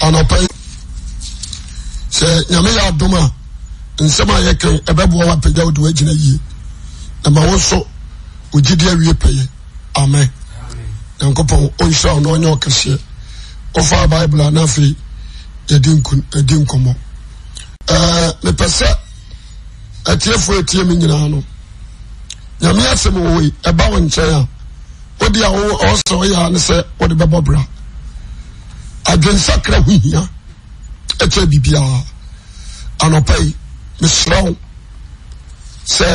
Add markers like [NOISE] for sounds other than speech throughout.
anɔpa yi sɛ nyame yɛ adom a nsɛm a yɛkan ɛbɛboa wapagya wode woagyina yie na ma wo so ogyidi awie pɛyɛ amen nyankopɔn ɔnhyira wo na ɔnyɛ ɔkɛseɛ ɔfaa bible a na afei yɛdi nkɔmmɔ mepɛ sɛ atiefoɔ atie me nyinaa no nyame asɛm wɔwei ɛba wo nkyɛn a wode a ɔsɛ ɔyɛ a ne sɛ wode bɛbɔ bra adwensakra ho hia akyɛɛ bibiaa anɔpayi meherɛ wo sɛ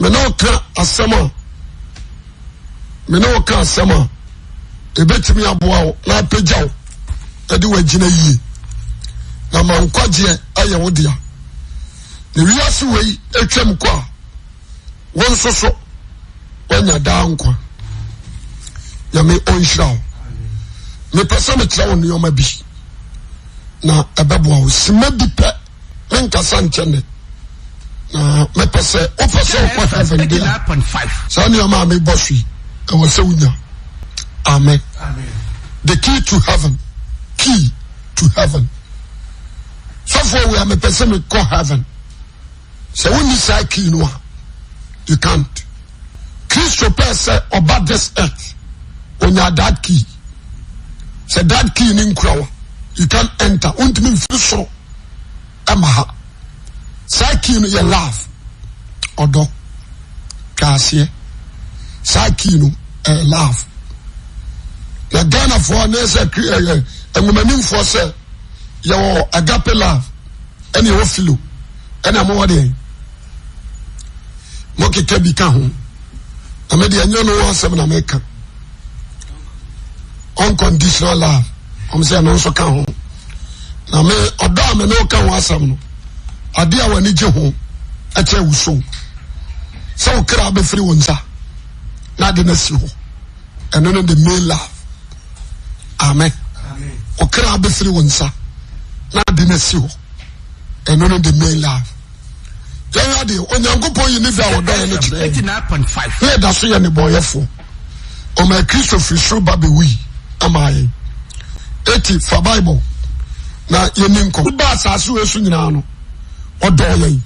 mene oka asɛm a mene wo ka asɛm a ɛbɛtumi aboawo na apɛgyawo ɛde woagyina yie na ma nkwagyeɛ ayɛ wo dea ne wiase wei atwam kɔ a wo nsoso woanya daa nkwa nyame ɔnhyira wo mepɛ sɛ mekyerɛ wo nneɔma bi na ɛbɛboa wo sima bi pɛ menkasa nkyɛ ne na mepɛ sɛ wopɛ sɛ wokɔ heaven de a saa nneɔma a mebɔ so yi ɛwɔ sɛ wonya amen the key to heaven key to heaven sɔfoɔ wei a mepɛ sɛ mekɔ heaven sɛ wonni saa key no a you can't kristo pɛɛ sɛ ɔba this earth onya that key stdat ke ne nkurawa oucan enter ontimi mfiri soro ma ha saa ke no yɛla dtwaseɛ sa keolnaghanafoɔnaomanifoɔ sɛ yɛw agape lo neɛwɔ filo nmodokeka bika hdeyna unconditional love ɔmo sɛ ɛno nso ka ho na me ɔdɔ a me ne ɔka ho asɛm no adeɛ a w'ani gye ho ɛkyɛ wusow sɛ wo kra bɛfiri wo nsa na ade no asi hɔ ɛno no the main love amen wo kra bɛfiri wo nsa na ade no asi hɔ ɛno no the main love yɛn adeɛ onyankopɔn yi ne fi a wɔdɔɛ no kyerɛ yɛ da so yɛ ne bɔɔyɛfoɔ ɔma kristo firi soro ba bɛwui ama yɛn eti fa bible na yɛni nkɔm ba asase wo esu nyinaa no ɔdɔɔ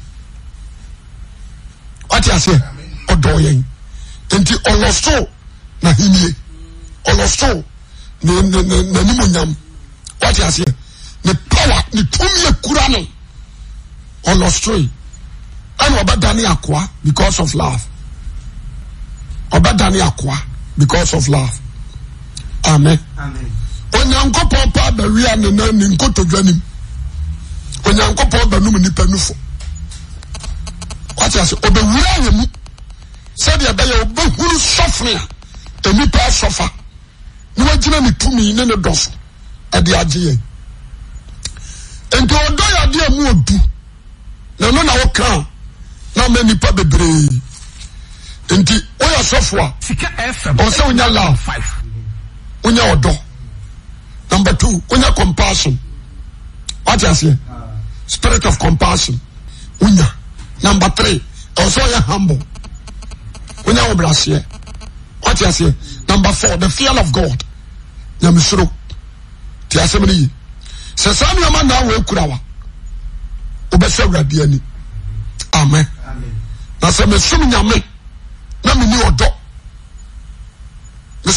ɔdɔɔ nti ɔlɔso na hinie ɔlɔso na na na n'anim onyam wate aseɛ ne power ne tumi ekura no ɔlɔso yi amen onyankopɔn pa abawia ne nan ne nkotodwa nim onyankopɔn banum nipa nufo wate ase obɛwura wɔ mu sɛdeɛ ɛbɛyɛ obɛhuru sɔfre a enipa asɔfa na wagyina ne tumi ne ne dɔ so ɛde agye yɛn nti ɔdɔ yɛ adeɛ mu odu na ɛno na wɔka na ama nipa bebree nti woyɛ sɔfo a ɔsɛ wonya love Unya ɔdɔ number two unya compassion wate aseɛ spirit of compassion Unya. number three ɛwɔ sɛ humble Unya wɔ braseɛ wate aseɛ number four the fear of god nyamesoro te asɛm no yi sɛ saa nneɛma wa wobɛsɛ awurade ani amen na sɛ mesom nyame na menni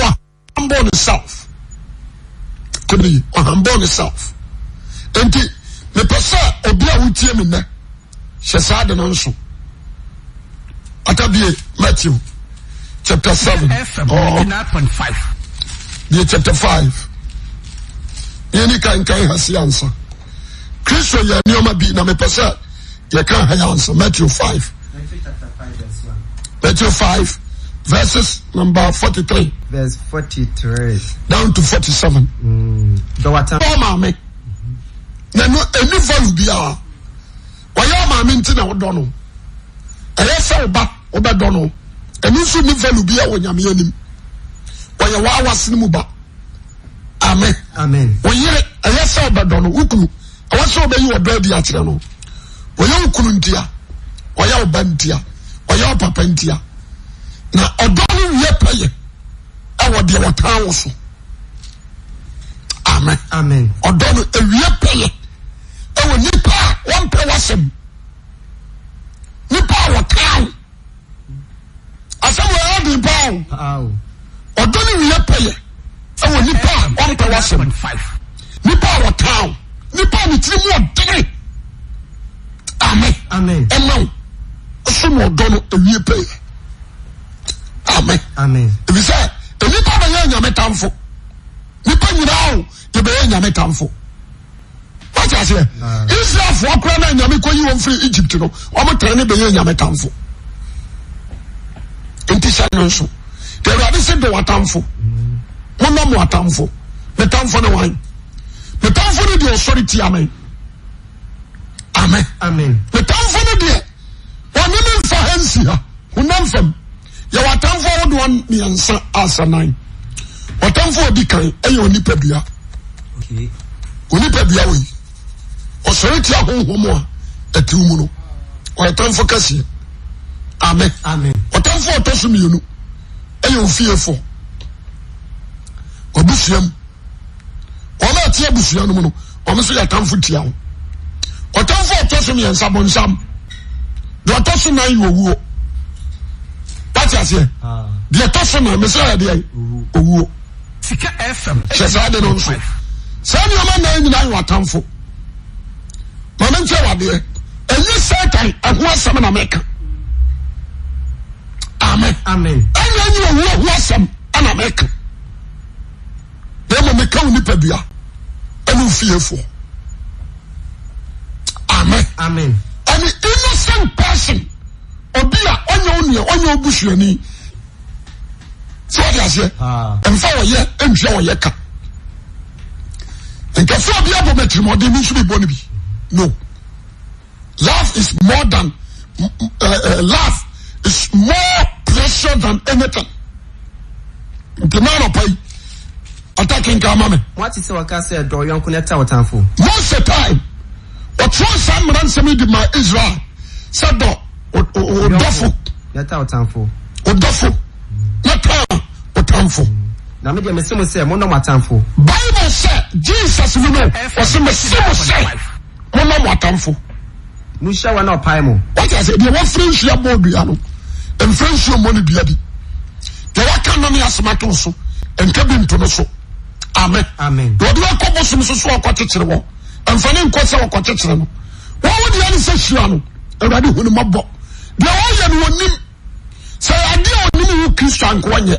on humble himself. Could be humble himself. And the person bien utie me ne. She said no nso. Atabie Matthew chapter 7 or 9.5. The chapter 5. Yeni kan kan hasi answer. yɛ nneɛma bi na ha yɛ ansa Matthew five Matthew five verses number forty Verse 43. Down to 47. Mm. Ɔwɔ maame. Na no any value biara. Wɔyɛ maame nti na ɔdɔ no. Ɛyɛ sɛ Oba ɔbɛdɔ no. Ɛni nso ni value biara wɔ nyame anim. Wɔyɛ waawase ne mu ba. Amen. Amen. Wɔyere ɛyɛ sɛ ɔbɛdɔ no wukunu. Ɛwɔ sɛ ɔbɛyi ɔdɔ adi akyerɛ no. Wɔyɛ wukunu ntia. Wɔyɛ ɔba ntia. Wɔyɛ ɔpapa ntia. Na ɔdɔ no wie ɔɛɛ npa pɛ wsɛm npaa wɔta asɛadiba ɔdɔno wie pɛyɛ ɔn p wɔta npa netiri moɔdiri am ɔmɛ ɔsonɔdɔno awie pɛɛ a ifisɛ nyame tamfo nipa nyinaa o yɛbɛyɛ nyame tamfo wati aseɛ israelfoɔ kora na nyame kɔyi wɔn firi egypt no wɔn tɛn ne bɛyɛ nyame tamfo nti hyɛ no nso awurade se de watamfo wɔnam watamfo ne tamfo ne wan ne tamfo ne deɛ ɔsɔre tia me amen amen ne tamfo ne deɛ wɔne me mfa ha nsi ha honam fam yɛwɔ atamfo ahodoɔ mmiɛnsa asanan asɔfo odi kan ɛyɛ onipa dua onipa dua wɔ yi ɔsɔre ti ahohom a ɛti mu no ɔyɛ tanfo kɛseɛ amen ɔtanfo ɔtɔ so mmienu ɛyɛ ofiefo ɔbusuam wɔn a ti abusua no mu no wɔn nso yɛ tanfo tia ho ɔtanfo ɔtɔ mmiɛnsa bɔnsam deɛ ɔtɔ nan yɛ owuo wate aseɛ ah. deɛ ɔtɔ nan mesra yɛ deɛ owuo. sade nono saa diɔma nnaa nyina awo atamfo mamo nkyɛ wadeɛ ɛnyi sartan ho asɛm anamɛka aɛ ɛɛ yi ho ho asɛm anameɛka de mɔ meka wo nipa bia ɛnofiefo amɛ n in sen person obi a ɔnyɛ wonua ɔnyɛ wbuhani Ah. isl is o pressre thanoate sɛ wkasɛdɔntotime ɔtro sa mera sɛm dema israel sɛd atamfo. na mi deɛ mesi mo sɛ mo mo atamfo. bible sɛ jesus ni mo ɔsi mesi mo sɛ mo nɔ mo atamfo. mo hyɛ wɔn na ɔpae mo. wɔte ase deɛ wɔfiri nhyia bɔ dua no mfiri nhyia bɔ ne dua bi deɛ wɔaka no ne asomato so nka bi nto no so amen. amen. deɛ wɔde wɔkɔ bosom so so wɔkɔ kyekyere wɔn mfani nkɔ sɛ wɔkɔ kyekyere no wɔn wɔde yɛn sɛ hyia no awurade hu ne ma bɔ deɛ wɔyɛ no wɔnim sɛ adeɛ a wɔnim wo kristo anko wɔnyɛ.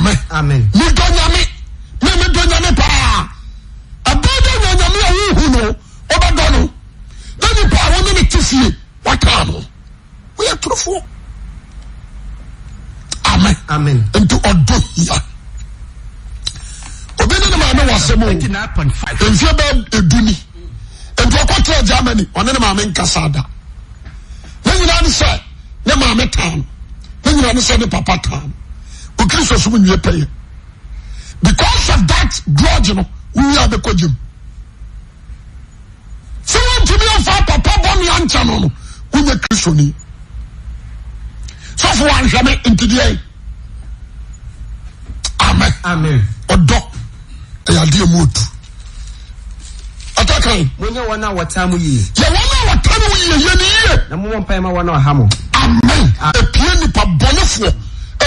med yame eme do nyame pa baa yameaon paa onene tese watano yɛ torofo nt dhia obine ne mame wasem mfio ba duni nt ktero germany ɔne ne mame nkasa da neyinane se ne mame tano ne yinane se ne papa tam okristo so mu nwie pɛyɛ because of that grudge no wowia bɛkɔ gyem sɛ wontumi amfa papa bɔne ankyɛ no no wonya kristoni sɔfo wanhwɛ me ntideɛ amen ɔdɔ ɛyɛ adeɛ mu otu ɔtɔkan monyɛ wɔn a wɔtaa mu yie yɛ wɔn a wɔtaa mu yie yɛ ne yie na mowɔ mpae ma wɔn a ɔha mo amen ɛpie nipa bɔnefoɔ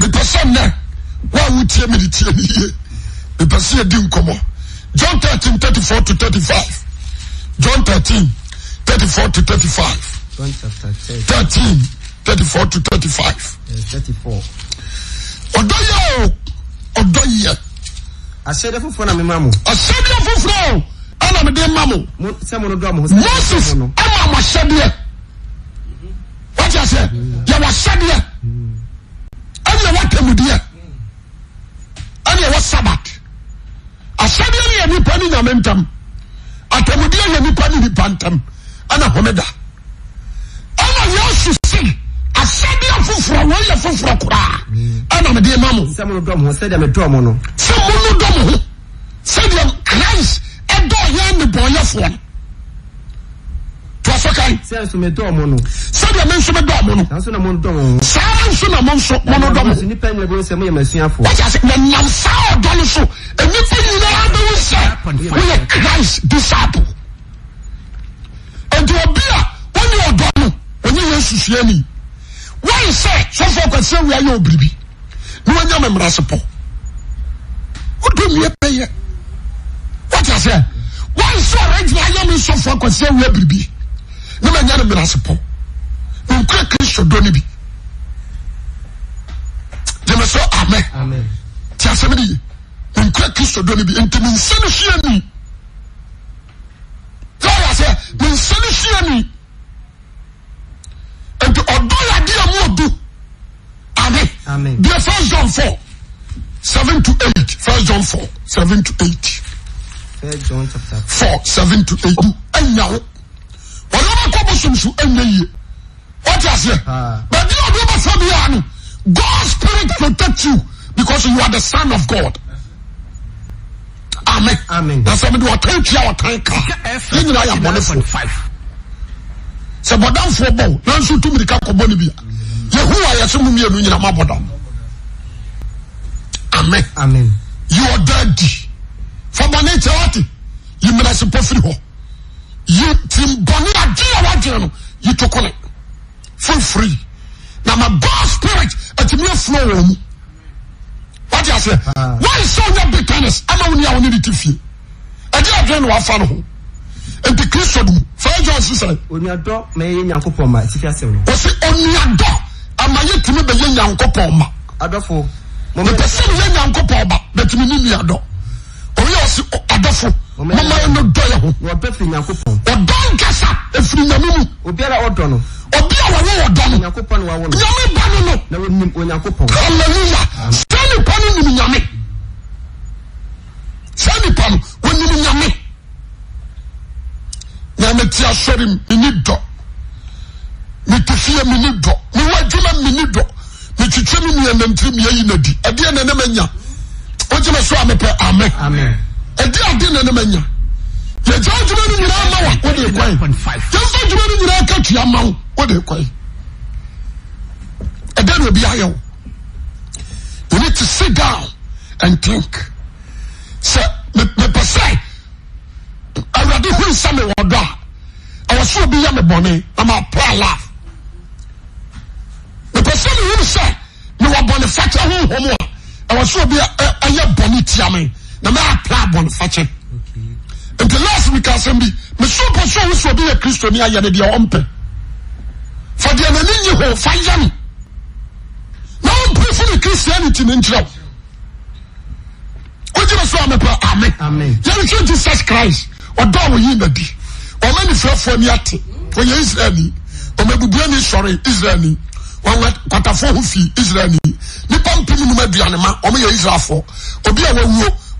mepɛ sɛmnɛ wa wotie mere tie ne yie mepɛ sɛadi nkɔmmɔ jon135j355 ɔdyɛ o ɔdɔyɛ ahyɛdeɛ foforɔ o anamede ma momoses awa amɔhyɛdeɛ waga sɛ wasadia adeawatamudia adewo sabat asedia neyenepani name ntem atamudia yenepaninipantam ana homeda ana ya susi asedia fofro waye foforo kora anamde mamo semonodom o sedim cris edo yenebo ya fon aso kao sɛd me nso m dɔ mononasa na yiɛoɛ ɛ manya ne mena sepɔ menkura kristo dɔ no bi gyeme sɛ amɛ ti asɛm ne ye menkura kristo dɔ no bi nti mensa no hyia ni yɛyɛ sɛ mensa no hyia ni nti ɔdɔ yɛ adeɛ mu ɔdu deɛ first john 4 7 to 8 first john 4 7 to 8 First John 4, 7 to 8. Ɛnyawo. ɔnɔmakɔ bosom so ɛnyɛ yie wɔte aseɛ ah. baabi a ɔde ɔbɛfa god spirit protect you because you are the son of god amen na sɛ mede ɔtan tua ɔtan ka yɛ nyinaa yɛ abɔnefoɔ sɛ bɔdamfoɔ bɔ nanso tu mirika kɔbɔ no bi a yehowa yɛ sɛ mu mmienu nyina mabɔdam amen yɛ ɔdaadi fa bɔne kyɛ wate yemmira sepɔ firi hɔ yɛ timbɔne agye a wagye no yi toko ne feel free na ma god spirit atumi afuro wɔ mu wagye aseɛ wɔn nsa onye bitterness ama wɔn ni a wɔn ni ti fie agye adwene na wafa no ho nti kristo dum fɛn jɔn sisan. onuadɔ mɛ ye nyankopɔn ma esi fi ase wɔ. o si onuadɔ ama ye tumi bɛ ye nyankopɔn ma. adɔfo. mɛ pɛsɛn ye nyankopɔn ma bɛ tumi ni nuadɔ o yɛ o si mma no dɔy hoɔ dnkasa firi nyam mu n n yas nnya ameteasɔre meni dɔ metfie meni dɔ mwo dwua men d metwitwammianantirimiayina di ananema nya ogyena soa mepɛ amen ɛdi adi na ne ma nya yɛgya adwuma no nyinaa ma wa o de kɔ yi yɛnfa adwuma no nyinaa ka tua ma wo o de yi ɛdɛ na obi ayɛ wo you need to sit down and think sɛ mepɛ sɛ awurade huru sɛ mewɔ dɔ a ɛwɔ sɛ obi yɛ me bɔne na ma apply love mepɛ sɛ mehuru sɛ mewɔ bɔne fakyɛ honhom a ɛwɔ sɛ obi ɛyɛ bɔne tia me na mɛ apply bɔnfakyɛ nti last week asɛm bi mesu po so wosu obi yɛ kristo ni ayɛ no deɛ ɔmpɛ fa deɛ n'ani nyi hɔ fa yɛ no na ɔmpɛ fo ne christianity ne nkyerɛ wo wogyina so a mepɛ ame yɛne kyerɛ jesus christ ɔdɔ wo yii nadi ɔma nifrɛfoɔ ni ate ɔyɛ israelni ɔmabubuani sɔre israelni kwatafo ho fii israelni nipa mpem nom aduane ma ɔmyɛ israelfoɔ obi a wawuo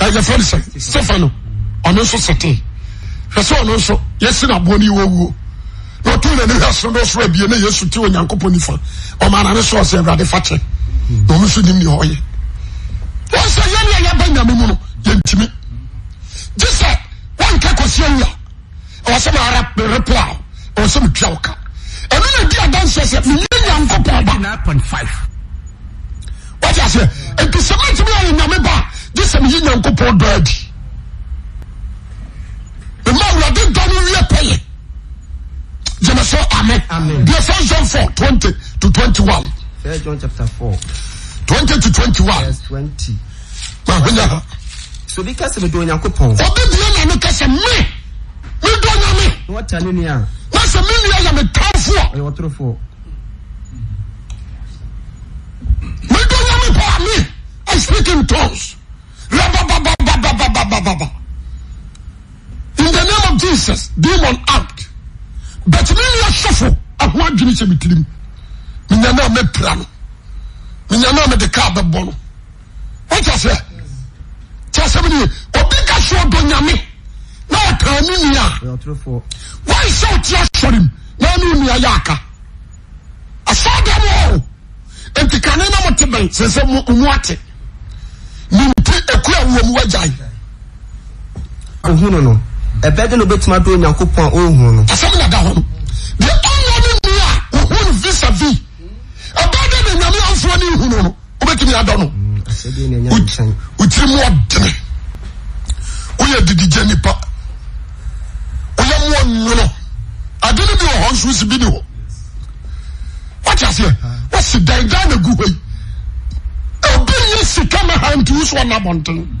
yɛfrɛ no sɛ stefano ɔno nso sete hwɛ sɛ ɔno nso yɛsi naboɔ no yiwɔwuo na ɔtoo nani hwɛ soro no soro abie na yesu te onyankopɔn nifa ɔma nane soɔ sɛ awurade fa kyɛ na ɔno nso nim ne ɔyɛ wɔn sɛ yɛne a yɛba nyame mu no yɛntimi gye sɛ wonkɛ kɔsi awu a ɛwɔ sɛ maara merepo a ɛwɔ sɛ metwa wo ka ɛno na di adanseɛ sɛ menyɛ nyankopɔn ba wɔte aseɛ ɛnti sɛ matumi ayɛ nyame ba 00 in the name of jesus dmn at but mena sofo ka sdo nyame na tanuna sɛtea srm nanenua yɛka sad m nti kane na mote m sɛa ohun no ɛbɛde na obetuma do onyankopɔn a ohun no. asɛm na da hɔ no deɛ ɔnwɔ ne mu a ohun visa vi ɛbɛde na nyame anfoɔ ne ihu no no obetumi adɔ no otiri mu ɔdene woyɛ didigye nipa woyɛ mu ɔnwono ade no bi wɔ hɔ nso si bi ni hɔ wɔte aseɛ wɔsi dan dan na gu hɔ yi obi nye sika ma ha nti wusu ɔnabɔnten.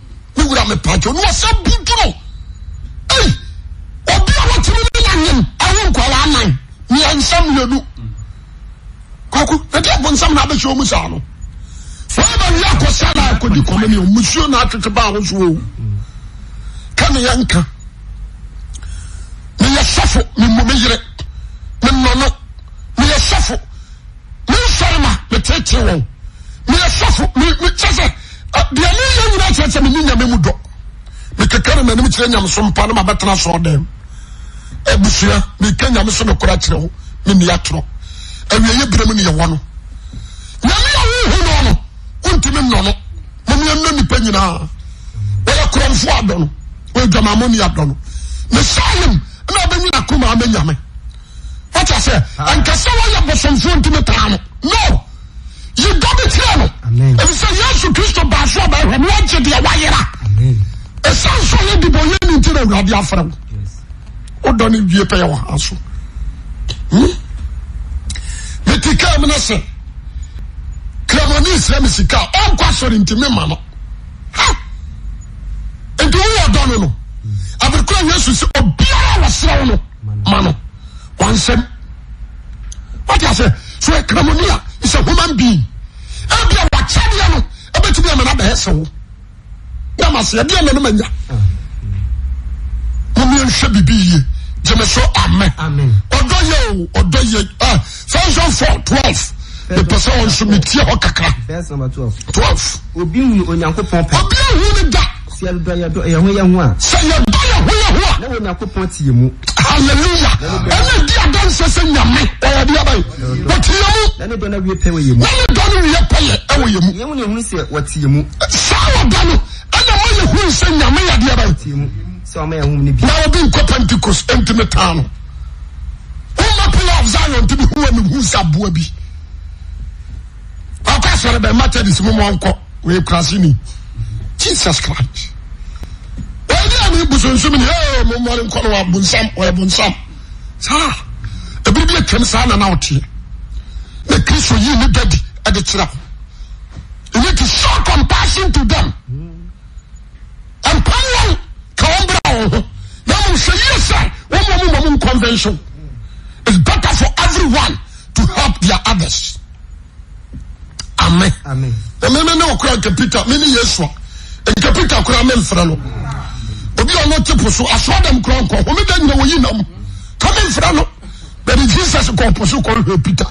epase butum oitminyaye nn miansamnad sassmeyanka meye sofo memeyere menono meye sofo mesorema metetewo miye sofo metese bamoye wenakerɛ se mene yame mu do mekekaneanikrɛ yameso pa y n nnoya nkasa wya bososotim ta Hmm? metika mne sɛ kramoni srɛ me sika ɔnka sɔre ntime ma no ntiwowɔ ɔn no oraesu sɛ iaaɔerɛwaɛsɛ okramonia nsa homa bi bia wɔkyadeɛ no bɛtumi amana bɛɛ sɛ wo namaseɛdia nɔno manya wọ́n yẹn hwẹ́ bíbí yie jẹ́mi sọ amen ọ̀dọ́ yẹ o ọ̀dọ́ yẹ ẹ fẹ́sọ̀ fọ twelve ní pẹ̀sẹ̀ wọn sọ mi tiẹ̀ hɔ kakra twelve. obi hu onyankopɔn pɛ obi hu ni da. sɛ yɛ dɔ yɛ ho yɛ ho a. sɛ yɛ dɔ yɛ ho yɛ ho a. ne wo nyankopɔn ti yɛ mu. hallelujah ɛna di adansi sɛ nyame ɔyɛ di aba yi wɔti yɛ mu. na ne wiye pɛ wɔ yɛ mu. na ne wiye pɛ yɛ ɛwɔ yɛ mu. mu n hosa yame yada be ko pentacost i ta ma p ofsotim osea bi oopasoem mpawon ka wɔn bra wɔn ho na wɔn hwɛ yie sɛ wɔn mu wɔn mu convention it's better for everyone to help their others amen amen mmemme ne okura nke peter mmemme yesu a nke peter kura mme mfra no obi a ɔno te po so aso adam kura nkɔ wɔn da nyina wɔyi nam kame mfra no bɛbi jesus kɔ po so kɔ hwɛ peter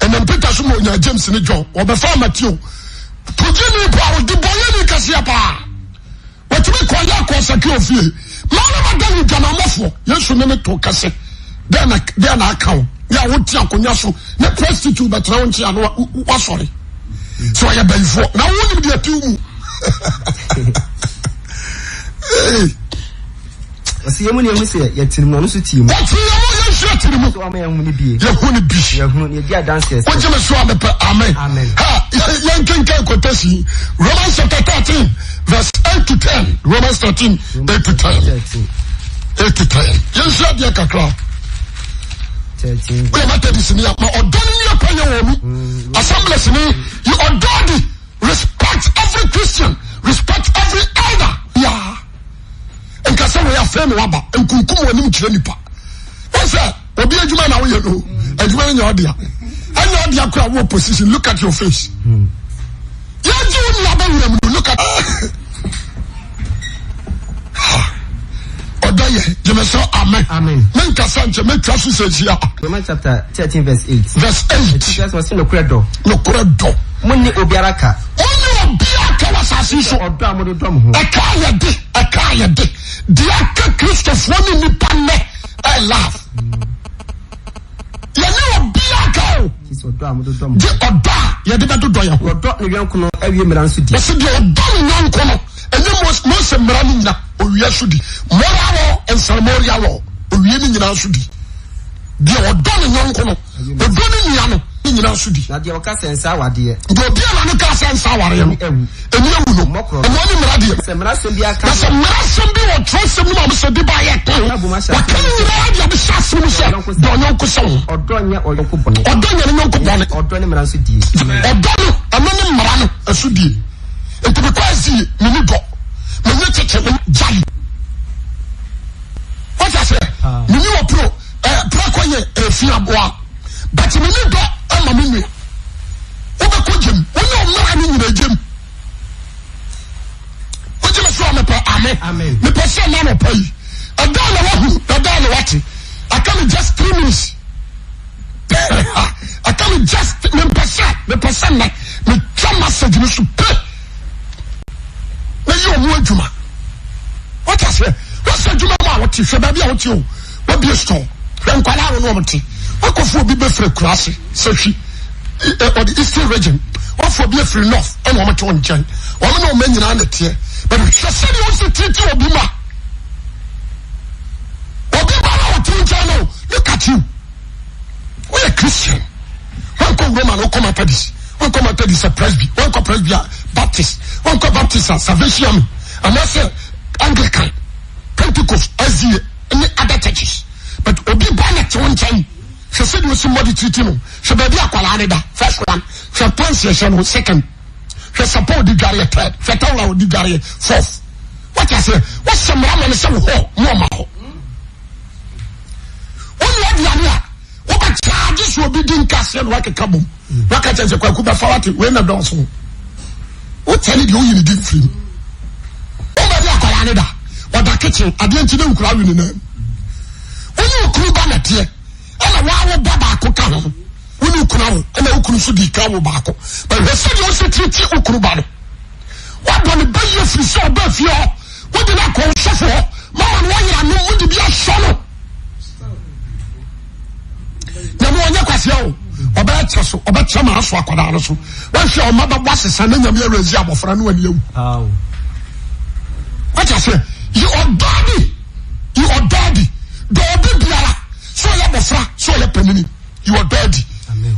ɛnam peter so ma onya james ne john wɔbɛfa matthew kogye nipa a odi bɔ yɛ ne kɛseɛ paa. kɔyɛ akɔsɛkɛ ofie maame ma dawu dwanamɔfoɔ yesu ne ne to kɛse bɛɛ na bɛɛ yà wò ti akonya so ne prostitute bɛtena wo nkyi ano wasɔre sɛ ɔyɛ bɛyifoɔ na wo nim deɛ piw [LAUGHS] mu wɔsi yɛ ni ɛmu sɛ yɛtiri ɔno so tie mu. wɔtiri ɔsi atiri mu yɛhu ne bi wogyeme so a mepɛ amen yɛnkenkan kɔtasi romans chapter thirteen verse eight to ten romans thirteen eight to ten eight to ten yɛnhyɛ adeɛ kakra woyɛ matadisini a ma ɔdɔ no nniapa yɛ wɔ mu assemblesni yɛ ɔdɔ de respect every christian respect every elder yeah. nkasɛ wɔyɛ afei ne waba nkunkum wɔ anim kyerɛ nipa dia ɛnyɛ ɔdia kora wɔ position look at your face yɛgye wo nna bɛwura mu look at ɔdɔ ah. yɛ gyeme amen menkasa nkyɛ mɛtwa so sɛ Romans chapter 13 verse 8 verse 8 Jesus was nokorɛ dɔ nokorɛ dɔ mone obiara ka mone obiara ka wɔ asase so ɔdɔ a mode dɔ mo ho de ɛkaa yɛ de deɛ aka kristofoɔ ne nnipa nnɛ ɛ yɛne ɔ bia kaode ɔdɔ a yɛde mɛdodɔ yasɛ deɛ ɔdɔ ne yankro no ɛne mose mmara no nyina owia so di moreawo nsanmɔrealo owie no nyina so di deɛ ɔdɔ ne yankro no ɔdɔ no yia no yena sodiea o o e ama mo nwe wobɛkɔ gyem wonyɛ ɔmmara no nyina gyem wogye me so a ame mepɛ sɛ na nɔpa yi ɛda na wahu ɛda na wate aka me just three minutes aka me just mempɛ sɛ mepɛ sɛ nnɛ metwa message no so pe mɛyɛ ɔmo adwuma wote aseɛ adwuma ma a wote hwɛ baabi a wote o wabie store hwɛ nkwadaa wo ne ɔmo akɔfoɔ bi bɛfiri kuraase sɛhwi ɔde e, eastern region bi afiri north ɛna pas te wɔn nkyɛn na na teɛ titi obi ma obi ma na ɔte nkyɛn no look at you are christian wɔn kɔ roman wɔn kɔ methodist wɔn a presby wɔn kɔ presby a baptist wɔn kɔ baptist a salvation army anase anglican pentecost as ne other churches but obi ba na te wɔn nkyɛn. hwɛ sɛdeɛ osi mmɔde tiriti no hwɛ baabi akwalaa ne da first one hwɛ pants no second hwɛ sapa odi dwareɛ third hwɛ tawla odi dwareɛ fourth wɔte aseɛ wɔhyɛ mmarama no sɛ wo hɔ mu ɔma hɔ wonu aduane a wɔbɛkyaagye so obi di nkaseɛ no wakeka bom waka kyɛ sɛ kwaku bɛfa wate wei na dɔɔso wotɛne deɛ woyine di mfiri mu wobɛde akwalaa ne da ɔda kitchen adeɛ nti ne nkura awe nenam wonye okuru ba nɛteɛ a wawo bɔ baako ka ho wone wokuna wo ɛna wokunu nso di ka wo baako bɛhwɛ sɛdeɛ wo sɛ tiriti wokunu ba no woabɔ ne bɛyɛ firi sɛ ɔba fie hɔ wode no akɔ nsɔfoɔ mama no wayera no wode bi ahyɛ no nyame ɔnyɛ kwaseɛ o ɔbɛkyɛ so ɔbɛkyerɛ ma aso akwadaa no so woahwɛ ɔma bɛbɔ asesa na nyame awurasi abɔfra no wani awu wokyɛ sɛ yi ɔdaa bi yi ɔdaa bi abofra so ɔyɛ panini you are daddy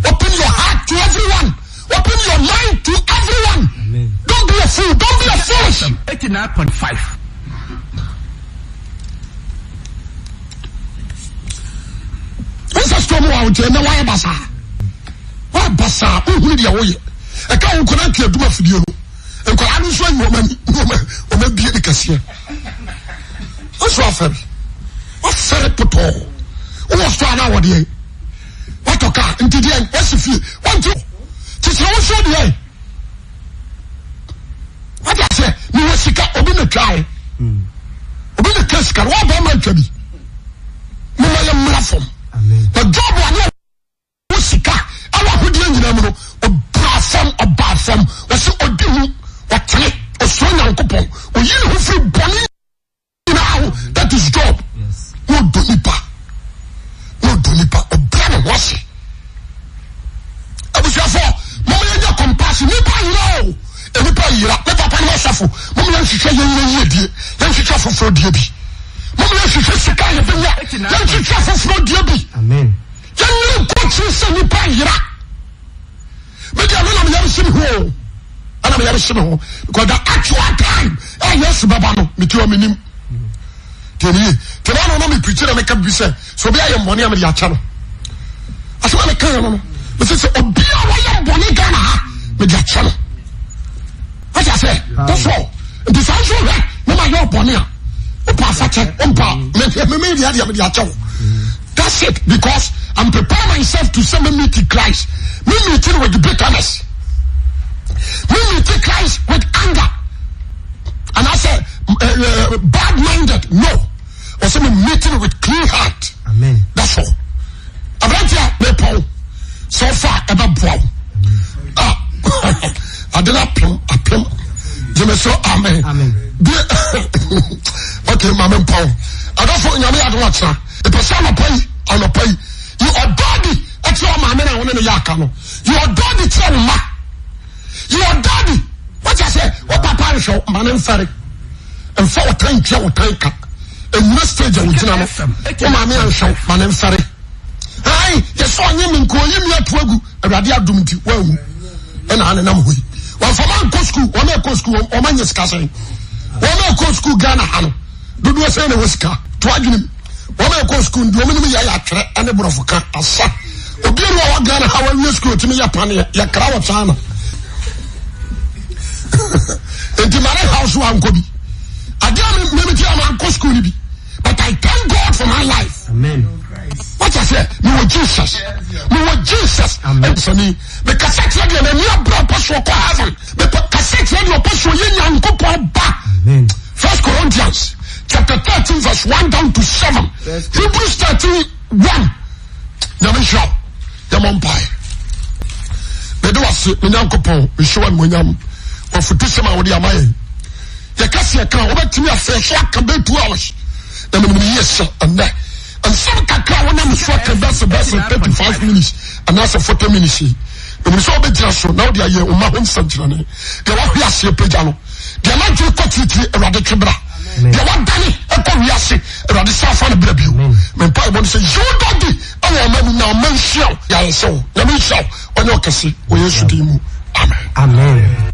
open your heart to everyone open your mind to everyone Amen. don't be a fool don't be a fool. eighty nine point five. nsasitɔ mu wa o jɛ ɛnɛ wayɛ basa wayɛ basa o hun deɛ o yɛ ɛka o nkɔla nkiri aduma fidie no nkɔla no nso ayi wɔn ani wɔn abie ne kɛseɛ o nso ɛwɔ store na wɔdeɛ wɔtɔ kaa nti deɛ wɔsi fie wɔntu titiri wosuo deɛ wɔde asɛ mewɔ sika obi na twa o obi na ka sika wɔn bɛrima ntwa bi mema yɛ mmira fam na job wa ne yira ne papa ne ɔsafo mo mi yɛn hyehyɛ yɛn yɛn die yɛn hyehyɛ foforɔ die bi mo mi yɛn sika yɛ bi nya yɛn hyehyɛ foforɔ die bi yɛn yɛn kɔkye sɛ nipa yira mi di ɛno mi yɛn si mi hoo ɛna mi yɛn si mi hoo because the actual time ɛyɛ esi eh, bɛba no mi ti wɔ mi nim tẹ̀lé tẹ̀lé àwọn ọmọ mi pìrìtì náà mi ká bisẹ̀ sọ bí ayẹ mbọ̀ni àmì yàtsẹ̀ nù asọ́mọ́ mi ká yẹn nù mi sẹ́ sẹ́ obi àwọn yẹ mbọ̀ni gánà ha mi di àtsẹ̀ nù wọ́n ti à sẹ́ tó fọ́ nti sáà nsọ rẹ mo máa yọ ọ̀pọ̀ ní à ó pa àfàkẹ́ ó mpa mímí ìdí àdìyẹ mi di àkyẹ́ wò that's it because I'm preparing myself to say me meet Christ me meeting with bitterness me meeting Christ with anger and I say uh, uh, bad minded no or sẹ́ me meeting with clean heart Amen. that's all abirante a bẹ́ẹ̀ pọ̀ so far ever bẹ́ẹ̀ Ah. [LAUGHS] ade [LAUGHS] no apem apem gyeme so amen ok mame mpaw adafo nyame yɛ adom akyera ɛpɛ sɛ anɔpa yi anɔpa yi yi ɔdaa de ɛkyerɛ ɔmaame no a wone ne yɛ aka no yi ɔdaa de kyerɛ ne ma yi ɔdaa de wagya sɛ wopapa rehwɛ ma ne mfɛre mfa wɔtan ntwea wɔtan ka ɛwura stage a wogyina no womaame anhwɛ ma ne mfɛre ai yɛsɛ ɔnye me nkuroyi mi atu agu awurade adom nti woawu ɛna ane ena hɔ yi wɔmfama nkɔ skul wɔn ɛkɔ skul wɔn anya sika sɛn wɔn ɛkɔ skul ghana ha no dodoɔ sɛn na ɛwɔ sika to adwene mu wɔn ɛkɔ skul nduom no mu yɛ yɛatwerɛ ɛne borɔfo ka asa obi ɛnu a ghana ha wɔn skul otumi yɛ paneɛ yɛkra wɔ kyaana [LAUGHS] nti mare house wa nkɔ bi adeɛ mi mi mi ti a nkɔ skul ni bi but i thank god for my life. Amen. wọ́n ti sẹ́ mi wọ jesus mi wọ jesus ẹ̀ sọ kasa kyerɛ deɛ n'ani abere ɔpɛ soɔ kɔ heaven mepɛ kasa kyerɛ deɛ ɔpɛ soɔ yɛ nyankopɔn ba first corinthians chapter thirteen verse one down to seven hebrews thirteen one nyame hyɛ yɛmɔ mpae mede wase me nyankopɔn mehyɛ wa nimonyam wɔfoto sɛm a wode ama yɛn yɛka seɛ kra wobɛtumi afɛhyɛ aka bɛ two hours na menim yie sɛ ɛnnɛ nsɛm kakra wonam so aka bɛsɛ bɛsɛ 35 minutes anaasɛ 40 minutes yi emisɛ ɔbɛgyina so na ɔde ayɛ ɔma ho nsɛnkyerɛnne deɛ wahwe aseɛ pagya no deɛ wadwene kɔ tiritiri awurade twe bra deɛ wadane ɛkɔ wie ase awurade sɛ afa no bra bio mempa ɛbɔ no sɛ yɛwodɔ di ɛwɔ ɔma mu na ɔma nhyia wo yɛayɛ sɛ wo na ɔnyɛ ɔkɛse wɔ yesu mu amen